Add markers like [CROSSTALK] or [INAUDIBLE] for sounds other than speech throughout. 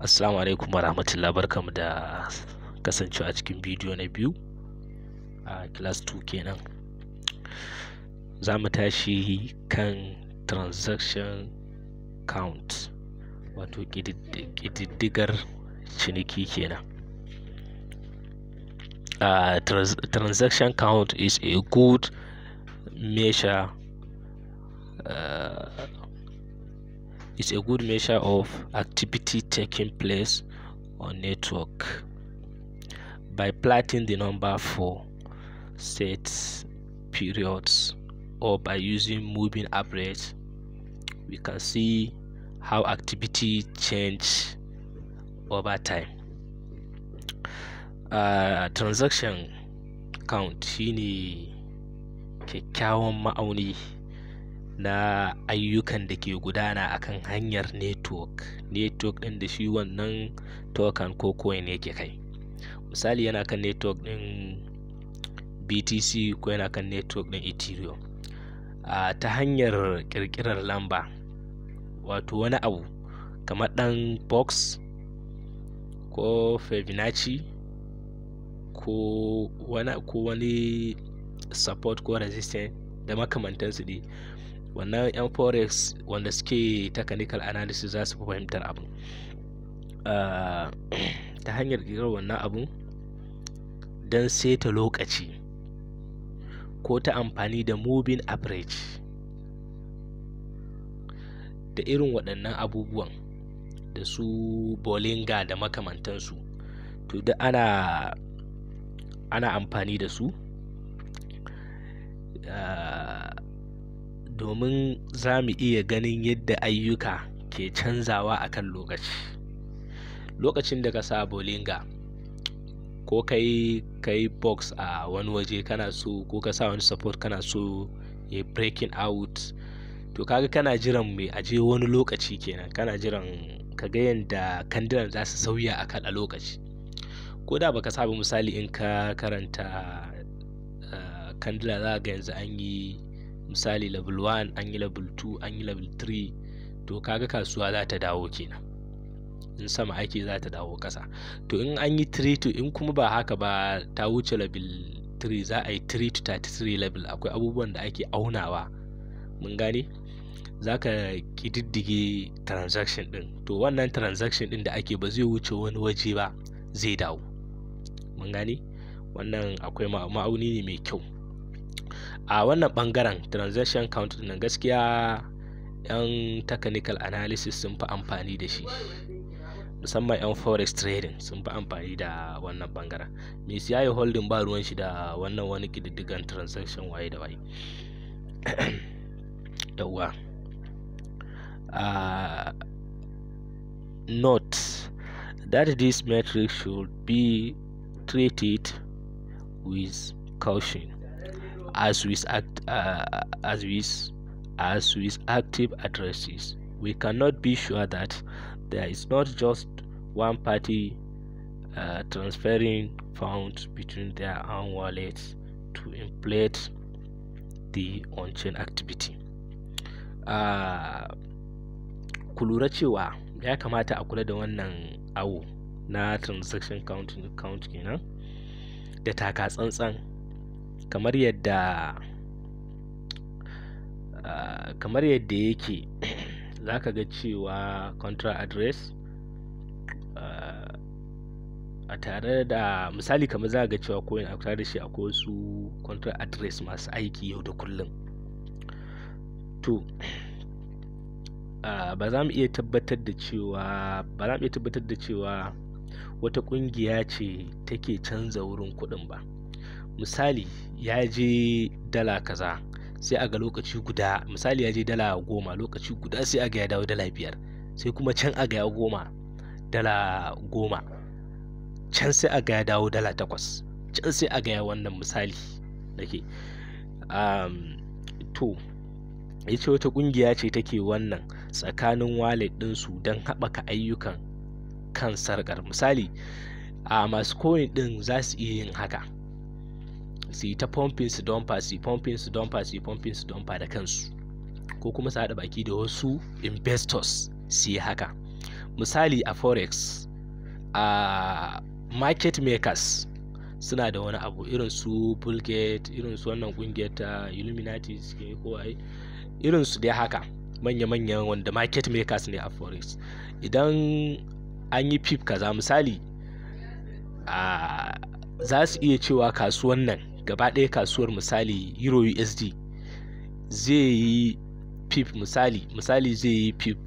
Assalamu alaikum warahmatullahi barkamu da kasancewa a cikin bidiyo na biyu a class 2 kenan za mu tashi kan transaction count wato ƙididdigar ciniki kenan a transaction count is a good measure eh, is a good measure of activity taking place on network by plotting the number for set periods or by using moving average we can see how activity change over time uh, transaction count shine kyakkyawan ma'auni na ayyukan da ke gudana akan hanyar network network ɗin da shi wannan token ko coin yake kai misali yana kan network ɗin btc ko yana kan network ɗin ethereum uh, ta hanyar ƙirƙirar lamba wato wani abu kamar ɗan box ko fibonacci ko wani support ko resistance da makamantansu dai wannan yan forex wanda suke technical analysis za su fi fahimtar abu ah, [CLEARS THROAT] ta hanyar ƙirar wannan abun don seta lokaci ko ta amfani da moving average da irin waɗannan abubuwan da su bolinga da makamantansu to da ana ana amfani da su ah, domin za mu iya ganin yadda ayyuka ke canzawa a kan lokaci lokacin da ka sa bolinga ko kai kai box a wani waje kana so ko ka sa wani support kana so ya breaking out to kaga kana jiran mai aje wani lokaci kenan kana jiran ka ga yadda kandilan za su sauya a kan lokaci ko da baka ba misali in ka karanta eh, kandila za ga yanzu an yi misali level 1 an yi level 2 an yi level 3 to kaga kasuwa za ta dawo kenan in sama ake za ta dawo kasa to in an yi 3 to in kuma ba haka ba ta wuce level 3 za a yi 3 to 33 level akwai abubuwan da ake aunawa mun gane za ka kididdige transaction ɗin to wannan transaction ɗin da ake ba zai wuce wani waje ba zai dawo mun gane wannan akwai ma'auni ne mai kyau a wannan bangaren transaction count na gaskiya yan technical analysis sun fi amfani da shi musamman yan forex trading sun fi amfani da wannan bangaren mai yi holding ba ruwan shi da wannan wani kididdigan transaction waye da waye [COUGHS] yawwa a note that this metric should be treated with caution as with act, uh, as with as with active addresses we cannot be sure that there is not just one party uh, transferring funds between their own wallets to inflate the on-chain activity uh, ya kamata a kula da wannan awo na transaction count count kenan da taka tsantsan kamar yadda ah, kamar yadda yake za ka ga cewa contra address ah, a tare da misali kamar za ga cewa ko a tare da shi akwai wasu contra address masu aiki yau da kullum to ah, ba za mu iya tabbatar da cewa ba za mu iya tabbatar da cewa wata kungiya ce take canza wurin kuɗin ba misali ya je dala kaza sai a ga lokaci guda misali ya je dala goma lokaci guda sai a ga ya dawo dala biyar sai kuma can a ga ya goma dala goma can sai a ga ya dawo dala takwas can sai a ga ya wannan misali da ke to ya ce wata kungiya ce take wannan tsakanin wallet ɗinsu don haɓaka ayyukan kan sarƙar misali a masu koyin ɗin za su iya yin haka su yi ta pumping su dompa su yi pumping su dompa su yi pumping su dompa da kansu ko kuma su haɗa baki da wasu investors su yi haka misali a forex a market makers suna da wani abu irin su bulgate irin su wannan kungiyar ta illuminati suke ai irin su dai haka manya-manyan wanda market makers ne a forex idan an yi pip kaza misali a za su iya cewa kasuwan nan gaba ɗaya kasuwar misali euro usd zai yi pip misali misali zai yi pip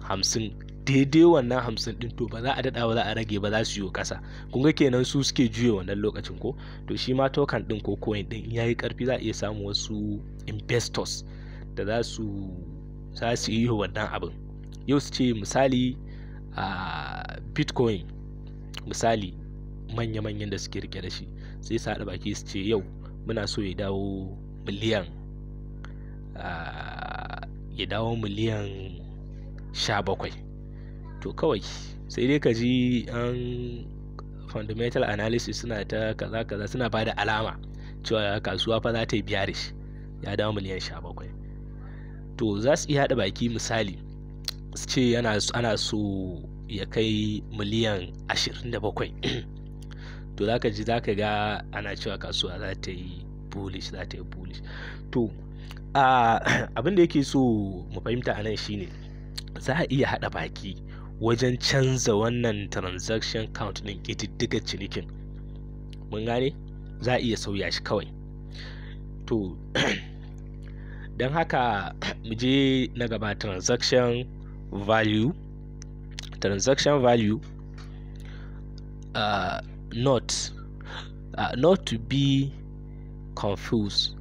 hamsin daidai wannan hamsin din to ba za a daɗa ba za a rage ba za su yi ƙasa kun ga kenan su suke juya wannan lokacin ko to shi ma token din ko coin din ya yi ƙarfi za a iya samu wasu investors da za su za su yi wannan abin yau su ce misali a ah, bitcoin misali manya-manyan da suke rike da shi sai su haɗa baki su ce yau muna so ya dawo miliyan ya dawo miliyan sha bakwai to kawai sai dai ka ji an fundamental analysis suna ta kaza kaza suna ba da alama cewa kasuwa fa za ta yi biyarish ya dawo miliyan sha bakwai to za su iya haɗa baki misali su ce ana so ya kai miliyan ashirin da bakwai to zaka ji zaka ga ana cewa kasuwa za ta yi bullish za ta yi bullish to [CLEARS THROAT] abin da yake so mu fahimta a nan shine za a iya hada baki wajen canza wannan transaction count ɗin kididdiga cinikin mun gane za a iya sauya shi kawai to [CLEARS THROAT] don haka [CLEARS THROAT] mu je na gaba transaction value transaction value not uh, not to be confused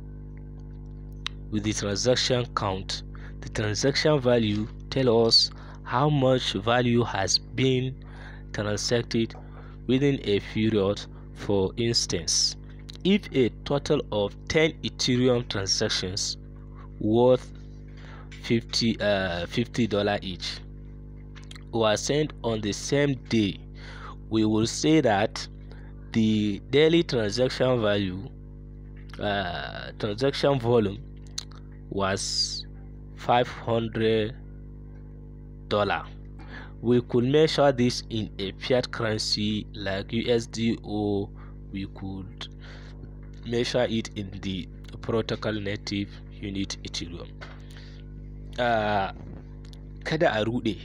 with the transaction count the transaction value tell us how much value has been transacted within a period for instance if a total of 10 ethereum transactions worth 50 uh, 50 dollar each were sent on the same day we will say that the daily transaction value uh, transaction volume was 500 dollar we could measure this in a fiat currency like usd or we could measure it in the protocol native unit ethereum uh, kada a rude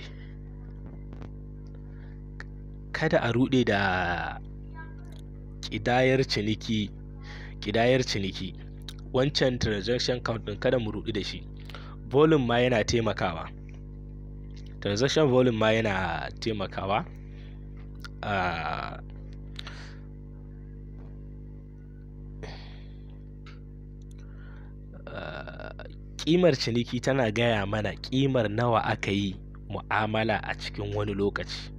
kada a rude da ƙidayar ciniki ƙidayar ciniki wancan transaction count ɗin kada mu ruɗu da shi volume ma yana taimakawa transaction volume ma yana taimakawa ah, ƙimar ciniki tana gaya mana ƙimar nawa aka yi mu'amala a cikin wani lokaci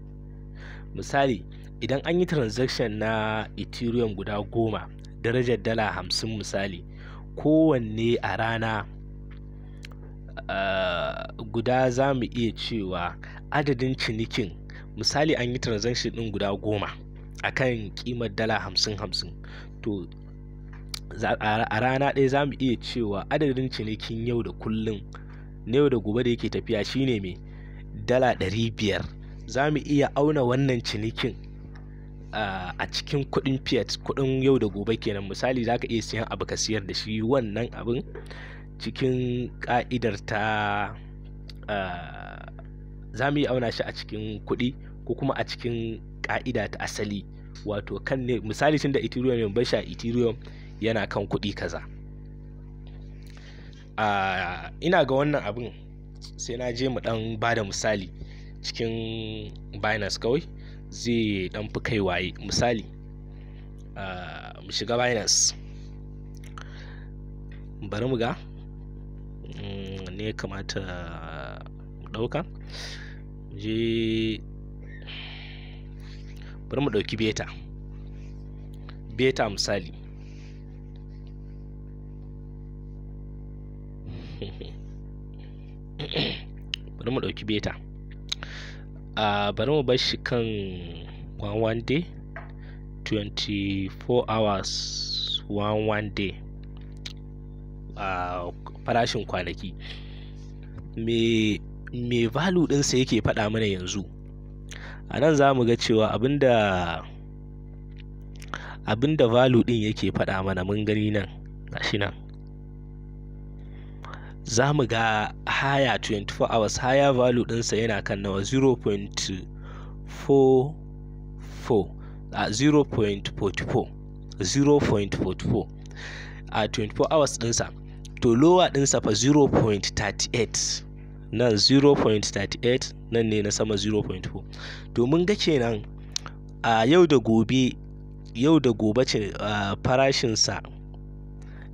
misali idan an yi transaction na ethereum guda goma darajar dala hamsin misali kowanne a rana uh, guda za mu iya cewa adadin cinikin misali an yi transaction ɗin guda goma a kan kimar dala hamsin hamsin to a rana ɗaya za mu iya cewa adadin cinikin yau da kullum na yau da gobe da yake tafiya shine mai dala 500 za mu iya auna wannan cinikin a cikin kudin fiat kudin yau da gobe kenan misali za ka iya siyan abu ka siyar da shi wannan abin cikin ka'idar ta za mu yi auna shi a cikin kuɗi ko kuma a cikin ka'ida ta asali wato kan ne misali tun da ethereum yin bashi ethereum yana kan kuɗi kaza ina ga wannan abin sai na je mu ɗan ba da misali cikin binance kawai zai dan fi kai waye misali mu shiga binance bari mu ga mm, ne ya kamata ɗauka je bari mu ɗauki beta beta misali [LAUGHS] bari mu ɗauki beta a bari mu bar shi kan one one day 24 hours one one day a farashin kwanaki me me value ɗinsa yake faɗa mana yanzu a nan za mu ga cewa abinda abinda value ɗin yake faɗa mana mun gani nan gashi nan za mu ga haya 24 hours haya value ɗinsa yana kan nawa 0.44 a 0.44 a 24 hours ɗinsa to lower ɗinsa fa 0.38 nan 0.38 nan ne na sama 0.4 to mun ga kenan a yau da gobe yau da gobe ce farashinsa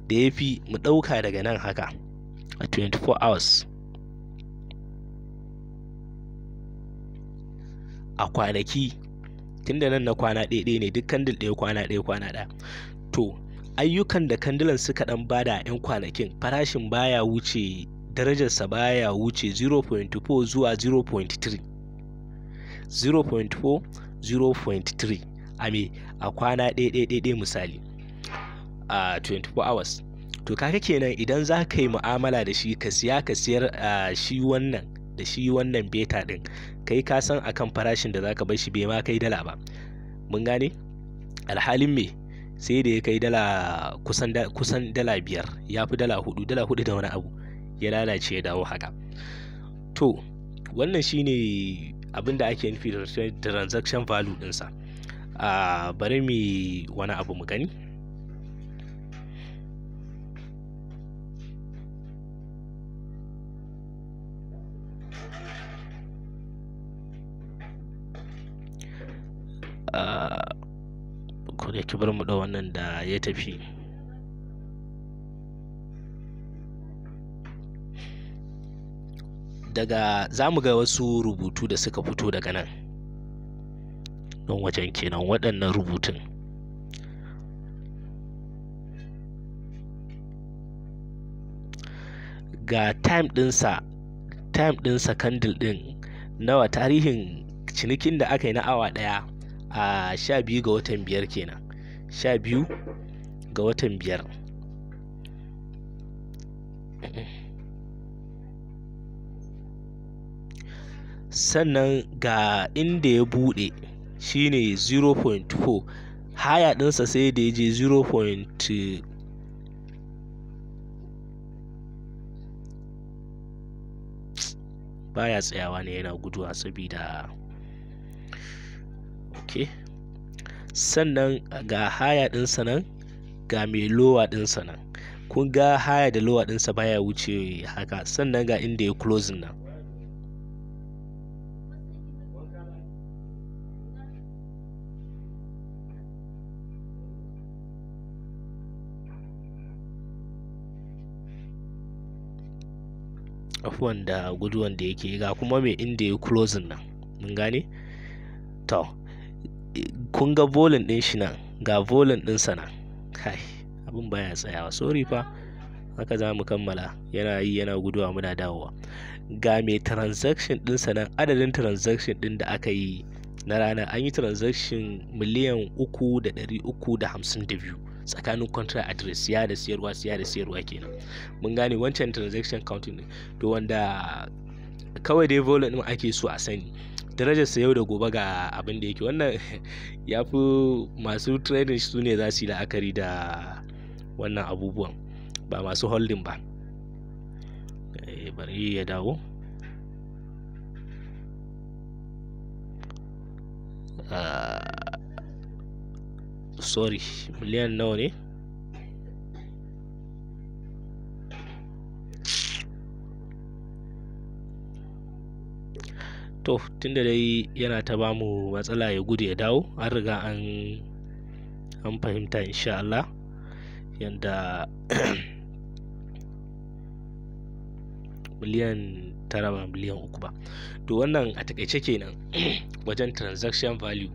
da ya fi mu ɗauka daga nan haka a 24 hours a kwanaki tun da nan na kwana ɗaya ne duk kandil ɗaya kwana ɗaya kwana ɗaya to ayyukan da kandilan suka ɗan bada a 'yan kwanakin farashin baya wuce darajarsa baya wuce 0.4 zuwa 0.3 0.4 0.3 a kwana a kwana ɗaya misali a 24 hours to kaga kenan idan za ka yi mu'amala da shi ka siya ka siyar shi wannan da shi wannan beta din kai ka san akan farashin da zaka bar shi bai ma kai dala ba mun gane alhalin me sai da ya kai dala kusan dala biyar ya fi dala hudu dala hudu da wani abu ya lalace ya dawo haka to wannan shine abin da ake nufi da transaction value dinsa a bari mu wani abu mu gani ko da ki bar mu da wannan da ya tafi daga za mu ga wasu rubutu da suka fito daga nan don wajen kenan waɗannan rubutun ga time ɗinsa time ɗinsa candle ɗin nawa tarihin cinikin da aka yi na awa ɗaya a sha biyu ga watan biyar kenan sha biyu ga watan biyar sannan ga inda ya buɗe shine 0.4 haya dinsa sai da ya je 0.2 baya tsayawa ne yana guduwa sabida ƙarshe sannan ga haya ɗinsa nan ga mai lowa ɗinsa nan kun ga haya da lowa ɗinsa baya wuce haka sannan ga inda ya closing nan afuwan da guduwan da yake ga kuma mai inda ya closing nan mun gane to kun ga bolin din shi nan ga din sa nan kai abin baya tsayawa sorry fa haka za mu kammala yana yi yana guduwa muna dawowa ga mai transaction sa nan adadin transaction din da aka yi na rana an yi transaction miliyan uku da ɗari uku da hamsin da biyu tsakanin contract address siya da siyarwa siya da siyarwa kenan mun gane wancan transaction counting to wanda kawai dai volume ɗin ake so a sani darajar sa yau da gobe ga abin da yake wannan [LAUGHS] ya fi masu trading su ne za su yi la'akari da wannan abubuwan ba masu holding ba eh, bari ya dawo ah, sorry miliyan nawa ne to tun da dai yana ta mu matsala ya gudu ya dawo an riga an fahimta insha Allah yadda [CLEARS THROAT] miliyan tara ba miliyan uku ba to wannan a takaice kenan [CLEARS THROAT] wajen transaction value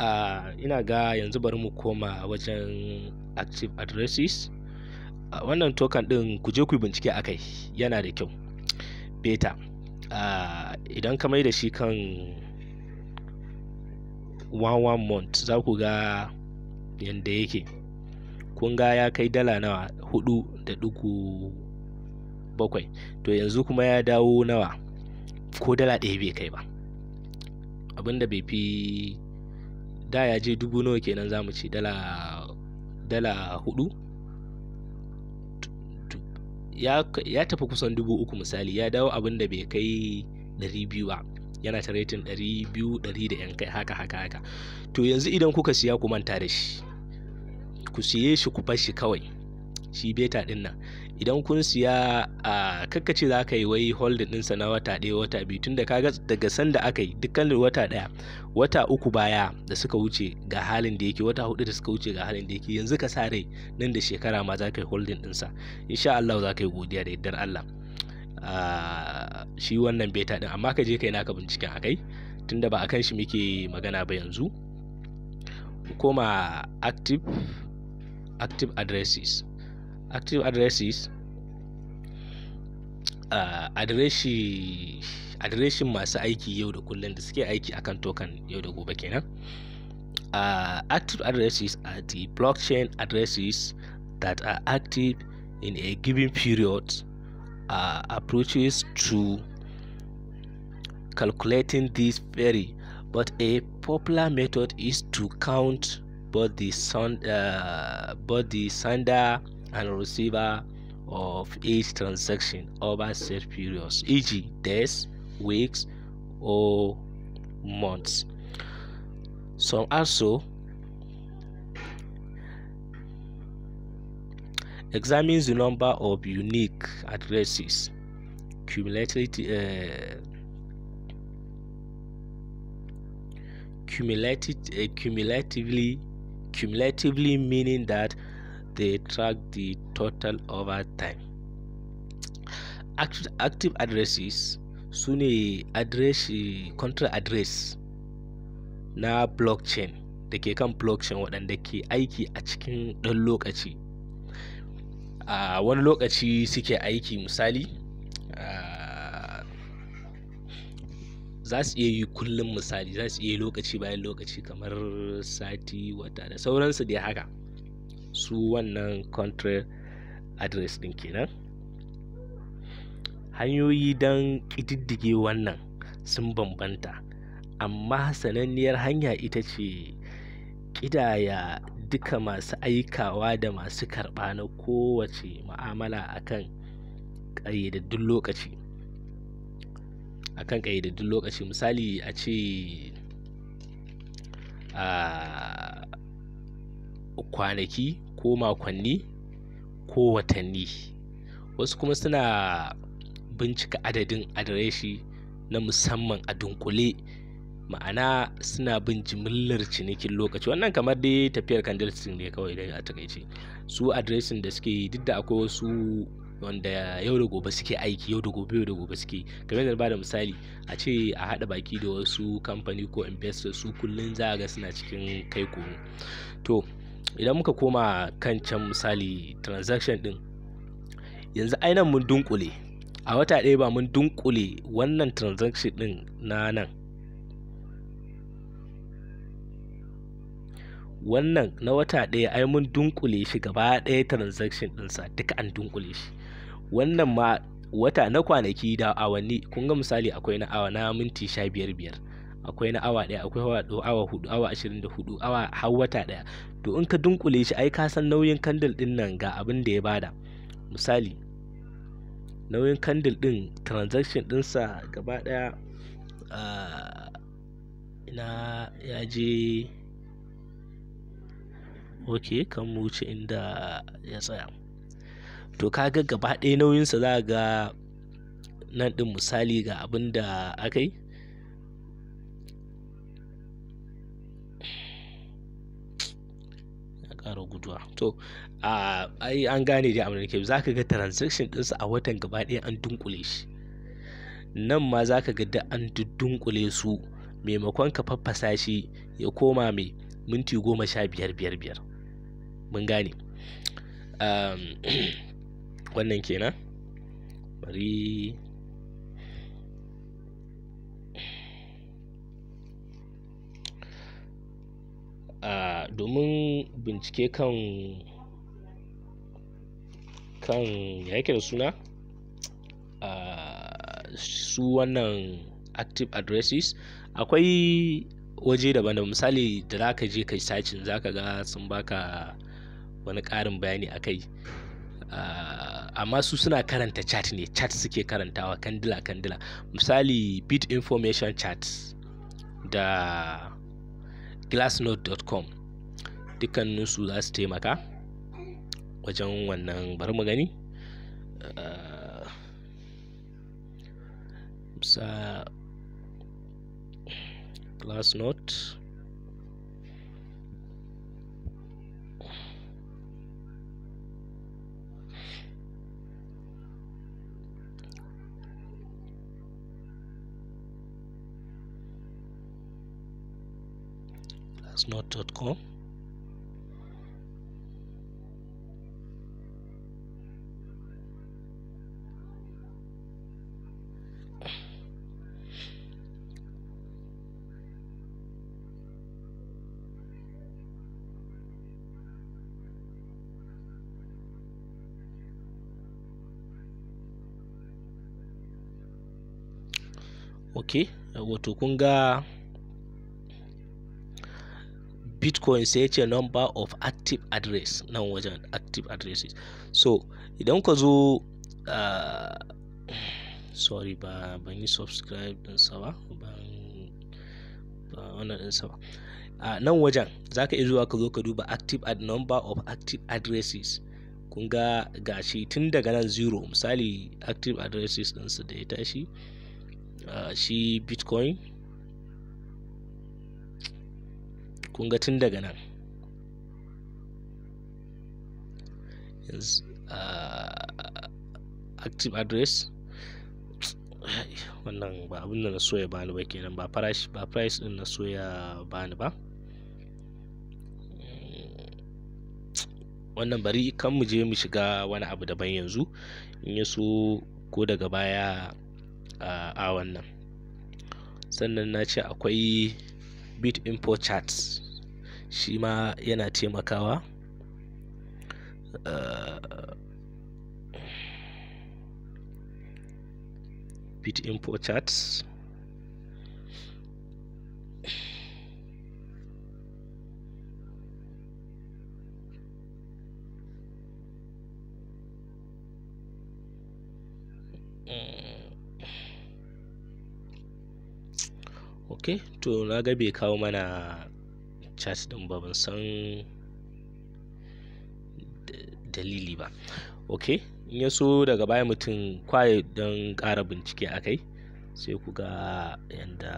a ina ga yanzu bari mu koma wajen active addresses wannan token din ku je ku bincike akai yana da kyau beta Ah, idan ka mai da shi kan one one month za ku ga yadda yake kun ga ya kai dala nawa hudu da dugu bakwai to yanzu kuma ya dawo nawa ko dala ɗaya bai kai ba abinda bai fi da ya je dubu nawa kenan za mu ci dala dala ya tafi kusan dubu uku misali ya dawo abin da bai kai ɗari biyu ba yana ta ratin ɗari biyu ɗari da yan kai haka haka haka to yanzu idan kuka siya ku manta da shi ku siye shi ku bar shi kawai shi beta ɗin idan kun siya a kakkace za ka yi wai holding ɗinsa na wata ɗaya wata biyu tunda kaga daga sanda aka yi dukkanin wata ɗaya wata uku baya da suka wuce ga halin da yake wata hudu da suka wuce ga halin da yake yanzu ka sa rai nan da shekara ma za ka yi holding ɗinsa insha Allah za ka yi godiya da yardar Allah shi wannan beta ɗin amma ka je kai naka binciken akai tunda ba a kan shi muke magana ba yanzu koma active active addresses active addresses uh, adireshi adireshin masu aiki yau da kullum da suke aiki akan token yau da gobe kenan uh, active addresses are the blockchain addresses that are active in a given period uh, approaches to calculating this vary but a popular method is to count both the sun uh, both the sender and receiver of each transaction over set periods, e.g., days, weeks, or months. Some also examines the number of unique addresses cumulatively, uh, cumulatively, uh, cumulatively meaning that they track the total over time active addresses sune address control address na blockchain da ke kan blockchain waɗanda ke aiki a cikin ɗan lokaci a wani lokaci suke aiki misali za su iya yi kullum misali za su iya lokaci bayan lokaci kamar sati wata da sauransu dai haka su wannan country address din kenan hanyoyi don ƙididdige wannan sun bambanta amma sananniyar hanya ita ce ƙidaya duka masu aikawa da masu karɓa na kowace ma'amala akan ƙayyadaddun lokaci akan ƙayyadaddun lokaci misali a ce a ah, kwanaki ko makonni ko watanni wasu kuma suna bincika adadin adireshi na musamman a dunkule ma'ana suna bin jimillar cinikin lokaci wannan kamar dai tafiyar candlestick ne kawai dai a takaice su adireshin da suke duk da akwai wasu wanda yau da gobe suke aiki yau da gobe yau da gobe suke kamar da bada misali a ce a haɗa baki da wasu kamfani ko investor su kullun za a ga suna cikin kai to idan muka koma kan can misali transaction din yanzu ainihin mun dunkule a wata ɗaya ba mun dunkule wannan transaction din na nan wannan na wata ɗaya ai mun dunkule shi gaba ɗaya transaction ɗinsa duka an dunkule shi wannan ma wata na kwanaki da awanni kun ga misali akwai na awa na minti sha biyar biyar akwai na awa ɗaya akwai awa awa hudu awa ashirin da hudu awa har wata ɗaya to in ka dunkule shi ai ka san nauyin kandil ɗin nan ga abin da ya bada misali nauyin kandil ɗin transaction ɗinsa gaba ɗaya ah, ina ya je ok kan mu wuce inda ya tsaya to kaga gaba ɗaya nauyinsa za ga nan ɗin misali ga abin da aka yi ƙara guduwa to ai an gane dai abin da ke za ka ga transaction ɗinsa a watan gaba ɗaya an dunkule shi nan ma za ka ga da an dunkule su maimakon ka faffasa shi ya koma mai minti goma sha biyar biyar biyar mun gane [CLEARS THROAT] wannan kenan bari a domin bincike kan kan ya yake da suna a su wannan active addresses akwai waje daban da misali da za ka je kai sacin za ka ga sun baka wani ƙarin bayani a kai amma su suna karanta chat ne chat suke karantawa kandila kandila misali bit information chat da glassnode.com dukkaninsu za su taimaka wajen wannan bari mu gani ah, sa glassnode note.com okay uh, wato kun bitcoin sai ce number of active address nan wajen active addresses so idan ka zo uh, sorry ba ban yi subscribe ɗinsa ba ba wannan ɗinsa ba a ah, nan wajen za ka zuwa ka zo ka duba active ad number of active addresses kun ga gashi tun daga nan zero misali active addresses su da ya tashi ah, shi bitcoin kun ga tun daga nan ah, active address [SIGHS] wannan ba abin da na soya bani ba kenan ba price ba price din na soya bani ba wannan bari kan mu je mu shiga wani abu daban yanzu in ya so ko daga baya ah, a wannan sannan na ce akwai bit info charts shi ma yana taimakawa bit uh, info charts mm. ok to na gabe bai kawo mana chat din ba ban san dalili ba ok in ya so daga baya mutum kwaye don kara bincike a kai sai ku ga yadda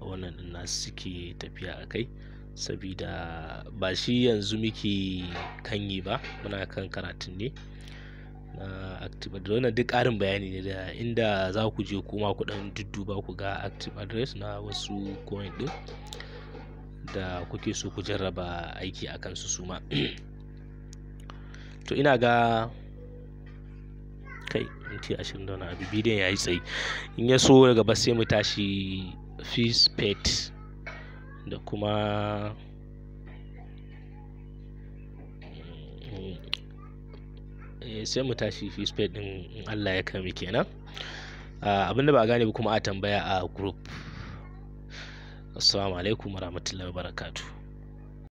wannan din nasu suke tafiya a kai sabida ba shi yanzu muke kanyi ba muna kan karatun ne na active address na duk ƙarin bayani ne da inda za ku je kuma ku ɗan dudduba ku ga active address na wasu coin ɗin da kuke so ku jarraba aiki a kansu su ma to ina ga kai minti ashirin da wani abu bidiyon ya yi tsayi in ya so gaba sai mu tashi fees pet da kuma eh, sai mu tashi fees pet din allah ya kame kenan ah, abinda ba gane ba kuma a tambaya a group assalamu alaikum warahmatullahi wabarakatuh